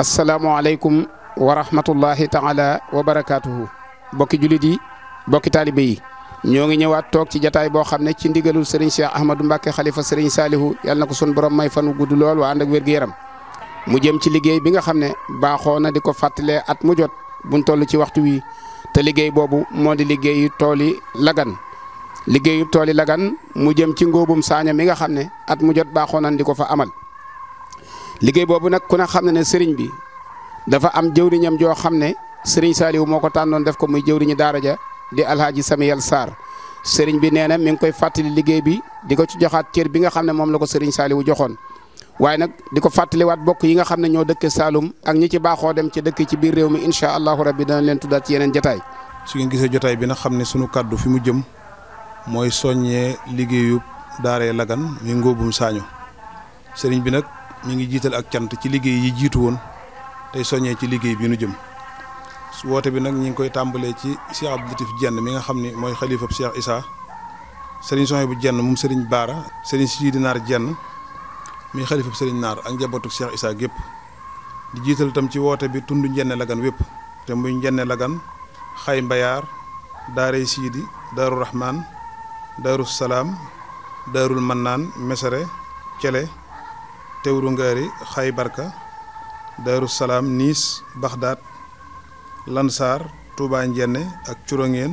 asalaamualeykum wa rahmatullahi taala wa barakaatuhu bokki jullit yi bokki taalibe yi ñoo ngi ñëwaat toog ci jataay boo xam ne ci ndigalul Serigne Cheikh Ahmadou Mbacke xalifa Serigne Salihu yàlla na ko sun borom may fanu gudd lool waa ànd ak yaram mu jëm ci liggéey bi nga xam ne baaxoo na di ko fàttalee at mu jot buñ toll ci waxtu wi te liggéey boobu moo di liggéeyu tool yi lagan liggéeyu tool yi lagan mu jëm ci ngóobum saaña mi nga xam ne at mu jot baaxoo nañ di ko fa amal liggéey boobu nag ku ne xam ne ne sëriñ bi dafa am jëwriñam joo xam ne sëriñ Saliou moo ko tànnoon def ko muy jëwriñu daara ja di Alhaji Samiyel saar sëriñ bi nee na mi ngi koy fàttali liggéey bi di ko ci joxaat cër bi nga xam ne moom la ko sëriñ Saliou joxoon. waaye nag di ko fàttaliwaat bokk yi nga xam ne ñoo dëkke saalum ak ñi ci baaxoo dem ci dëkk ci biir réew mi incha allahu rabbi dana leen tuddaat ci yeneen jotaay. su ngeen gisee jotaay bi nag xam ne sunu kàddu fi mu jëm mooy soññee liggéeyu daaree Lagan mi ngóobum saañu sëriñ bi nag ñu ngi jiital ak cant ci liggéey yi jiitu woon tey soññee ci liggéey bi nu jëm su woote bi nag ñu ngi koy tàmbalee ci Cheikh Abdou Jenn mi nga xam ni mooy xalifa Cheikh Issa sëriñ bu Jenn mu sëriñ Baara sëriñ Sidi Naar Jenn muy xalifa sëriñ Naar ak njabootu Cheikh Issa gépp di jiital itam ci woote bi tund Njenne Lagan wépp te muy Njenne Lagan Xay Mbayaar Daaray Siidi Daaru Rahmaan Daaru Salaam Daarul Mannaan Mesere Cele tewru ngaari xaybarka daaru salaam niis baxdaat lansaar tuuba njenne ak curangeen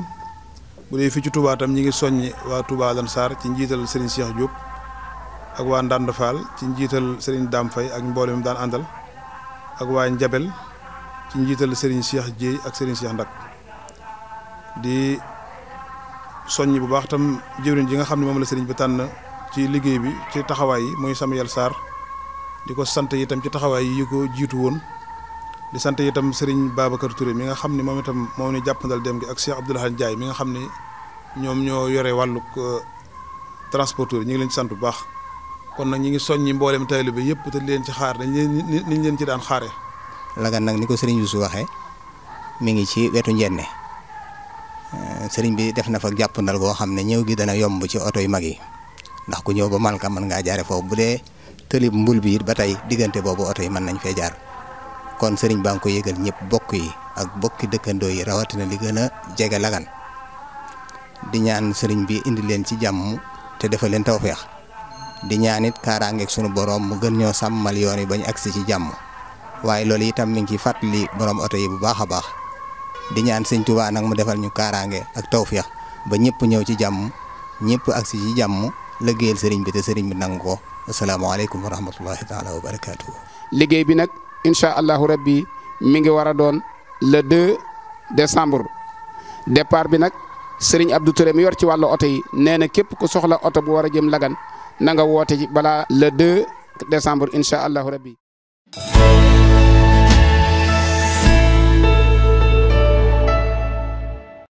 bu dee fii ci tam ñi ngi soññi waa Touba lansaar ci njiital Serigne Cheikh Diop ak waa Ndande Fall ci njiital Serigne Dame Faye daan àndal ak waa Njabel ci njiital Serigne Cheikh Dieye ak Serigne Cheikh Ndak di soññ bu baax tam jëwriñ ji nga xam ne moom la sëriñ bi tànn ci liggéey bi ci taxawaay yi muy Samuel Sarr di ko sant itam ci taxawaay yi ko jiitu woon di sant itam sëriñ Babacar Touré mi nga xam ni moom itam moom ni jàppandal dem gi ak Cheikh Abdoulaye jaay mi nga xam ne ñoom ñoo yore wàllug euh, transporteur ñu ngi leen ci sant bu baax kon nag ñi ngi soññi mboolem taalibe bi yëpp te leen ci xaar dañ leen niñ leen ci daan xaare Lagan nag ni ko sëriñ Serigne su waxee mi ngi ci wetu njenne euh, sëriñ bi def na fa jàppandal goo xam ne ñëw gi dana yomb ci oto yu mag yi ndax ku ñëw mën ngaa jaare foofu bu tëlib mbul bi it ba tey diggante boobu oto yi mën nañ fee jaar kon sëriñ baa ngi ko yëgal ñëpp bokk yi ak bokki dëkkandoo yi rawatina li gën a jege lagan di ñaan sëriñ bi indi leen ci jàmm te defal leen tawféex di ñaanit it sunu borom mu gën ñoo sàmmal yoon yi bañ agsi ci jàmm waaye loolu itam mi ngi ciy fàttali borom oto yi bu baax a baax di ñaan sëñ Tuubaa nag mu defal ñu kaaraange ak tawféex ba ñëpp ñëw ci jàmm ñëpp agsi ci jàmm. liggéeyal sëriñ bi te sëriñ bi nangu ko asalaamaaleykum wa rahmatullahi taala wa barakaatu. liggéey bi nag incha allahu rabbi mi ngi war a doon le 2 décembre départ bi nag sëriñ Abdou Touré mi yor ci wàllu oto yi nee na képp ku soxla oto bu war a jëm lagan na nga woote ci balaa le 2 décembre incha allahu rabbi.